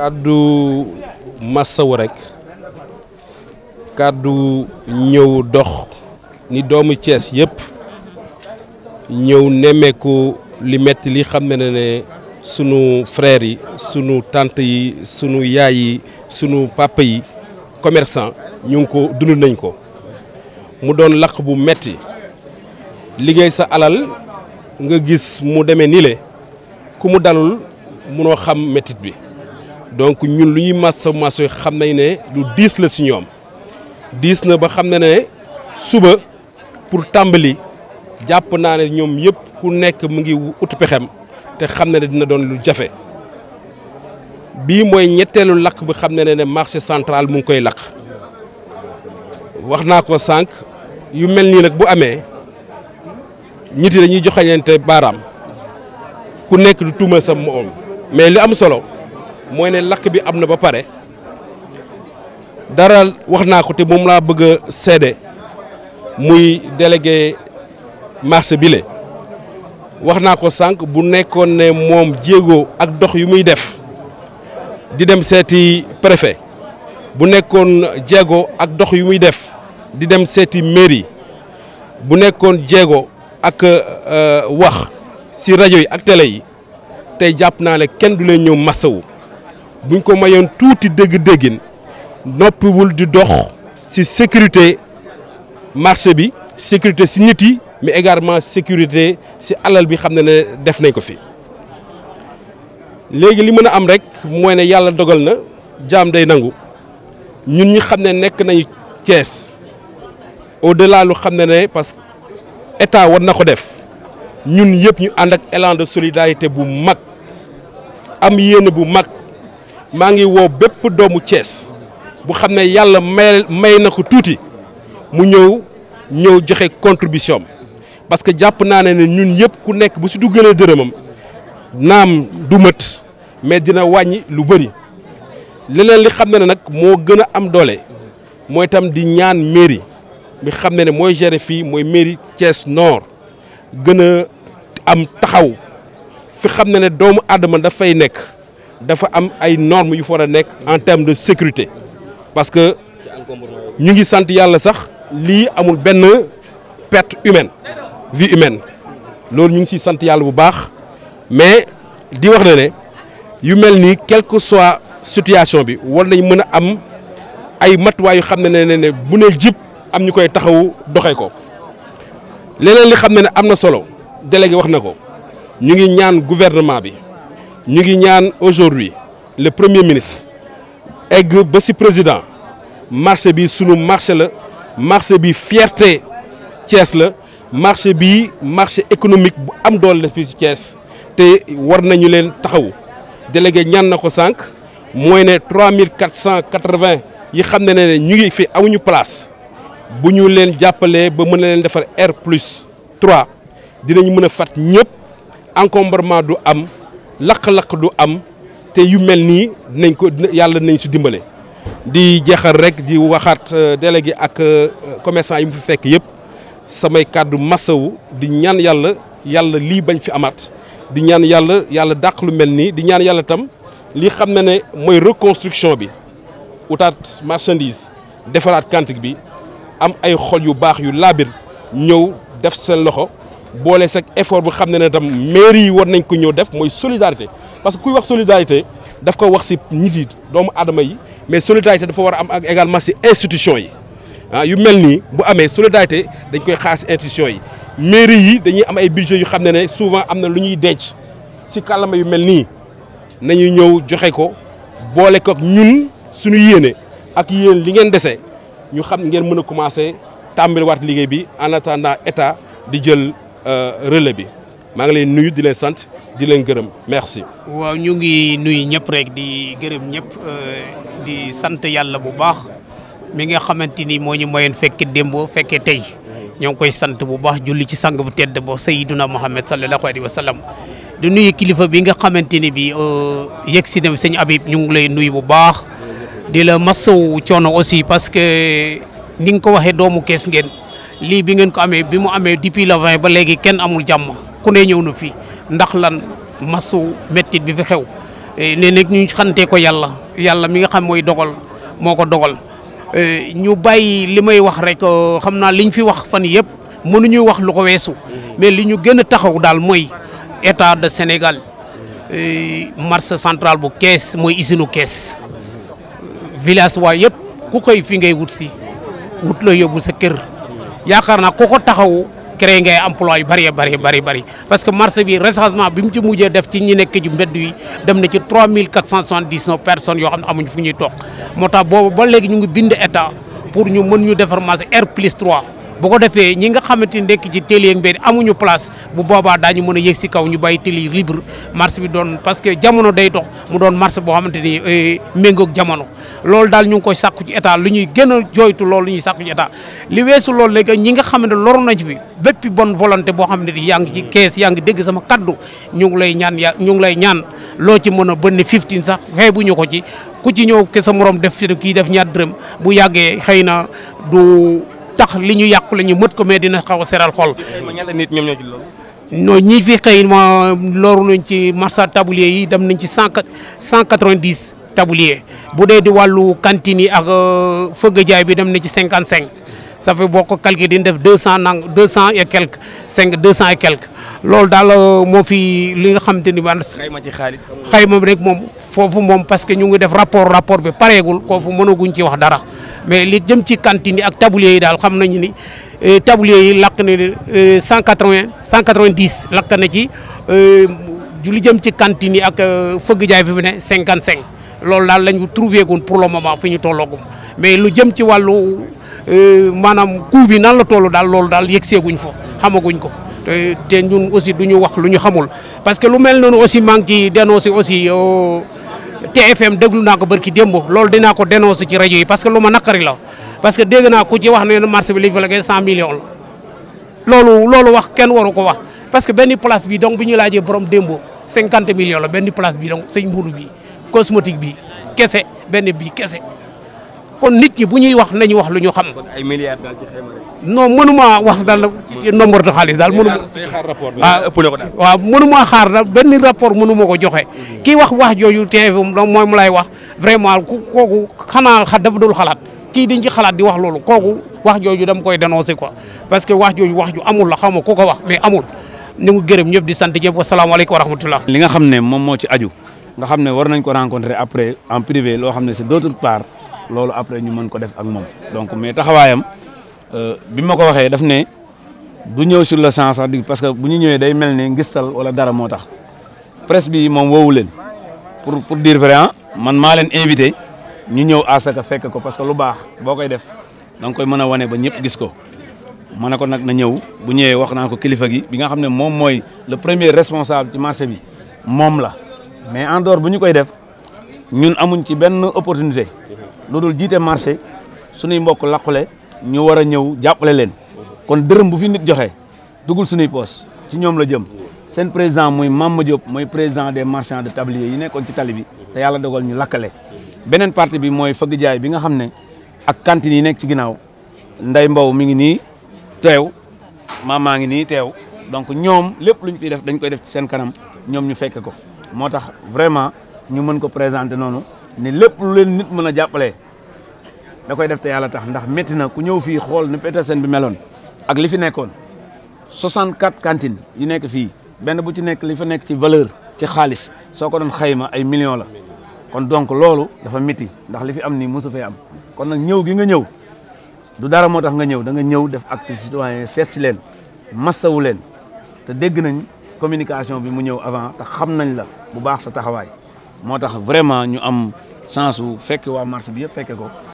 kàddu massawu rek kàddu ñëw dox ni doomu Cees yëpp ñëw nemmeeku li metti li xam ne ne sunu frères yi sunu tànt yi sunu yaay yi sunu papa yi commerçant ñu ngi ko dund nañ ko mu doon lakk bu metti liggéey sa alal nga gis mu demee nii le ku mu dalul munoo xam mettit bi donc ñun lu ñuy massa massa xam nañ ne lu diis la si ñoom diis na ba xam ne ne suba pour tàmbali jàpp naa ne ñoom yëpp ku nekk mu ngi ut pexem te xam na ne dina doon lu jafe bii mooy ñetteelu lakk bi xam na ne ne marché central mu ngi koy lakk wax naa ko sànq yu mel nii nag bu amee ñit yi dañuy joxañante baaraam ku nekk du tuuma sa moom mais li am solo mooy ne lakk bi am na ba pare dara wax naa ko te moom laa bëgg a seede muy délégué marché bile wax naa ko sànq bu nekkoon ne moom jéego ak dox yu muy def di dem seeti préfet bu nekkoon jéego ak dox yu muy def di dem seeti mairie bu nekkoon jéego ak euh, wax si rajo yi ak tele yi tey jàpp naa ne kenn du leen ñëw massawu buñ ko mayoon tuuti dégg-déggin noppiwul di dox ci sécurité marché bi sécurité ci nit yi mais également sécurité ci alal bi xam ne ne def nañ ko fi léegi li mën a am rek mooy ne yàlla dogal na jaam day nangu ñun ñi xam ne nekk nañu Thiès au-delà lu xam ne ne parce que état war na ko def ñun yëpp ñu ànd ak élan solidarité bu mag am yéene bu mag. maa ngi woo bépp doomu Thiès bu xam ne yàlla may may na ko tuuti mu ñëw ñëw joxe contribution am parce que jàpp naa ne ne ñun yëpp ku nekk bu si duggalee dërëmam naam du mët mais dina wàññi lu bëri leneen li xam ne ne nag moo gën a am doole mooy tam di ñaan mairie bi xam ne ne mooy gérer fii mooy mairie Thiès noor gën a am taxaw fi xam ne ne doomu aadama dafay nekk dafa am ay normes yu fa war a nekk en termes de sécurité parce que ñu ngi sant yàlla sax lii amul benn perte humaine vie humaine loolu ñu ngi ciy sant yàlla bu baax mais di wax na ne yu mel nii quelque que soit situation bi war nañ mën a am ay matuwaay yu xam ne ne ne bu ne jib am ñu koy taxawu doxee ko leneen li xam ne ne am na solo délégué wax na ko ñu ngi ñaan gouvernement bi. ñu ngi ñaan aujourd'hui le premier ministre egg ba ci président marché bi sunu marché la marché bi fierté Thiès la marché bi marché économique bu am doole la fii ci te war nañu leen taxawu délégué ñaan na ko sànq mooy ne trois mille quatre cent quatre-vingts yi xam ne ne ñu ngi fi amuñu place bu ñu leen jàppalee ba mën na leen defar R plus trois dinañ mën a fat ñëpp encombrement du am lakk-lakk du am te yu mel nii nañ ko yàlla nañ si dimbale di jeexal rek di waxaat euh, délégué ak euh, commerçant yi mu fi fekk yëpp samay kàddu massawu di ñaan yàlla yàlla lii bañ fi amaat di ñaan yàlla yàlla dàq lu mel nii di ñaan yàlla tam li xam na ne mooy reconstruction bi wutaat marchandise defaraat kantik bi am ay xol yu baax yu laabir ñëw def seen loxo boole sag effort bu xam ne ne tam mairie yi war nañ ko ñëw def mooy solidarité parce que kuy wax solidarité daf ko wax si nit yi doomu aadama yi mais solidarité dafa war a am ak également si institution yi ah yu mel nii bu amee solidarité dañ koy xaar si institution yi mairie yi dañuy am ay budget yu xam ne ne souvent am na lu ñuy denc si kàllama yu mel nii nañu ñëw joxe ko boole ko ak ñun suñu yéene ak yéen li ngeen dese ñu xam ngeen mën a commencé tàmbaliwaat liggéey bi en attendant état di jël Euh, relais bi maa ngi leen nuyu di leen sant di leen gërëm merci. waaw ñu ngi nuyu ñëpp rek di gërëm ñëpp euh, di sant yàlla bu baax mi nga xamante ni moo ñu mayoon fekke démb fekkee tey ñoo ngi koy sant bu baax julli ci sang bu tedd bo Sayyiduna Muhammad sallallahu alayhi wa sallam di nuyu kilifa bi nga xamante ni bi euh, yegg si na sëñ Habib ñu ngi lay nuyu bu baax di la masawu coono aussi parce que ni nga ko waxee doomu kees ngeen. lii bi ngeen ko amee bi mu amee depuis le 20 ba léegi kenn amul jàmm ku ne ñëw na fii ndax lan masu mettit bi fi xew eh, ne nag ñu xantee ko yàlla yàlla mi nga xam mooy dogal moo ko dogal eh, ñu bàyyi li may wax rek eh, xam naa li ñu fi wax fan yëpp mënuñuy wax lu ko weesu mais li ñu gën a taxaw daal mooy état de Sénégal marché centrale bu kees mooy usine kees village waa yëpp ku koy fi ngay wut si wut la yóbbu sa kër yaakaar naa ku ko taxawu créé ngay emploi yu bëree bëri bëri bëri parce que marché bi recensement bi mu ci mujjee def ci ñi nekk ci mbedd yi dem na ci 3479 personnes yoo xam ne amuñ fu ñuy toog moo tax boobu ba léegi ñu ngi bind état pour ñu mën ñu defar marché R plus 3 bu ko defee ñi nga xamante ni nekk ci télé ak mbedd amuñu place bu boobaa daañu mën a yéeg si kaw ñu bay télé libre marché bi doon parce que jamono day dox mu doon marché boo xamante ni euh, méngoog jamono loolu daal ñu ngi koy sàkku ci état lu ñuy gën a jooytu loolu lu ñuy sàkku ci état li weesu loolu léegi ñi nga xam ne loru nañ fi bépp bonne volonté boo xam ne yaa ngi ci kees yaa dégg sama kaddu ñu ngi lay ñaan ya ñu ngi lay ñaan loo ci mën a bënn 15 sax bu xeebuñu ko ci ku ci ñëw ke sa morom def kii def ñaar dërëm bu yàggee xëy na du tax li ñu yàqu la ñu mët ko mais dina xaw a seral xol. no ñi fi xëy ma looru nañ ci marchand tabulier yi dem nañ ci cent cent quatre-vingt-dix tablier bu dee di wàllu cantine yi ak euh, fëgg jaay bi dem nañ ci cinquante cinq. ça fait boo ko calcul di def deux cent nang quelque cinq deux cent et quelque loolu daal euh, moo fi li nga xamante ni man. xayma ci xaalis xayma bi rek moom foofu moom parce que ñu ngi def rapport rapport bi pareegul koo fu mënaguñ ci wax dara mais li jëm ci cantine ak tablier yi daal xam nañu ni euh, tablier yi lakk na euh, cent quatre vingt cent quatre vingt lakk na ci li jëm ci cantine yi ak fëgg jaay fi mu ne cinquante cinq loolu daal lañu trouvé gun pour le moment fi ñu tolloogum mais lu jëm ci wàllu. Euh, maanaam coût bi nan la toolu daal loolu daal yegg seeguñ fa xamaguñ ko te ñun aussi du ñu wax lu ñu xamul parce que lu mel noonu aussi maa ngi ciy dénoncé aussi euh, TFM déglu naa ko barki démb loolu dinaa ko dénoncé ci rajo yi parce que lu ma naqari la parce que dégg naa ku ci wax ne marché bi li fa la koy cent millions la loolu loolu wax kenn waru ko wax parce que benn place bi donc bu ñu laajee borom démb cinquante millions la benn place bi donc sëñ mbuuru bi cosmétique bi kese benn bi kese kon nit ñi bu ñuy wax nañu wax lu ñu xam. kon ay milliards daal ci mënuma wax daal ci nombre de xaalis daal. mënuma rapport bi ah, ëpp na ko daal. waaw mënuma xaar daal benn rapport mënuma ko joxe. kii wax wax jooju tey mooy mu lay wax vraiment ku kooku xanaa xa dafa dul xalaat. kii diñ ci xalaat di wax loolu kooku wax jooju dam koy dénoncer ko parce que wax jooju wax ju amul la xaw ma ku ko wax mais amul ñu ngi gërëm ñëpp di sant ñëpp wasalaamaaleykum wa rahmatullah. li nga xam ne moom moo ci aju nga xam ne war nañ ko rencontrer après en privé loo xam ne c'est d'autre part loolu après ñu mën ko def ak moom donc mais taxawaayam euh, bi ma ko waxee daf ne du ñëw sur le champ sax di parce que bu ñu ñëwee day mel ni ngistal wala dara moo tax presse bi moom wowu leen pour pour dire vrai ah, man maa leen invité ñu ñëw asaka fekk ko parce que lu baax boo koy def da koy mën a wane ba ñëpp gis ko ma ne ko nag na ñëw bu ñëwee wax naa ko kilifa gi bi nga xam ne moom mooy le premier responsable ci marché bi moom la mais en bu ñu koy def ñun amuñ ci benn opportunité lu dul jiite marché suñuy mbokk lakkule ñu war a ñëw jàppale leen kon dërëm bu fi nit joxe dugul suñuy poos ci ñoom la jëm seen président muy ma Diop mooy président des marchands de tablier yi nekkoon ci tali bi te yàlla dogal ñu lakkale beneen parti bi mooy fëgg jaay bi nga xam ne ak cantine yi nekk ci ginnaaw nday mbaw mi ngi nii teew maa ngi nii teew donc ñoom lépp lu ñu fiy def dañ koy def ci seen kanam ñoom ñu fekke ko moo tax vraiment ñu mën ko présenter noonu ne lépp mën a jàppalee da koy def te yàlla tax ndax métti na ku ñëw fii xool nu Petersen bi meloon ak li fi nekkoon 64 cantines yu nekk fii benn bu ci nekk li fa nekk ci valeur ci xaalis soo ko doon xayma ay millions la kon donc loolu dafa métti ndax li fi am nii mosu fee am kon nag ñëw gi nga ñëw du dara moo tax nga ñëw da nga ñëw def acte citoyen seet si leen massawu leen te dégg nañ communication bi mu ñëw avant te xam nañ la bu baax sa taxawaay moo tax vraiment ñu am chance su fekke waa marché bi yëpp fekke ko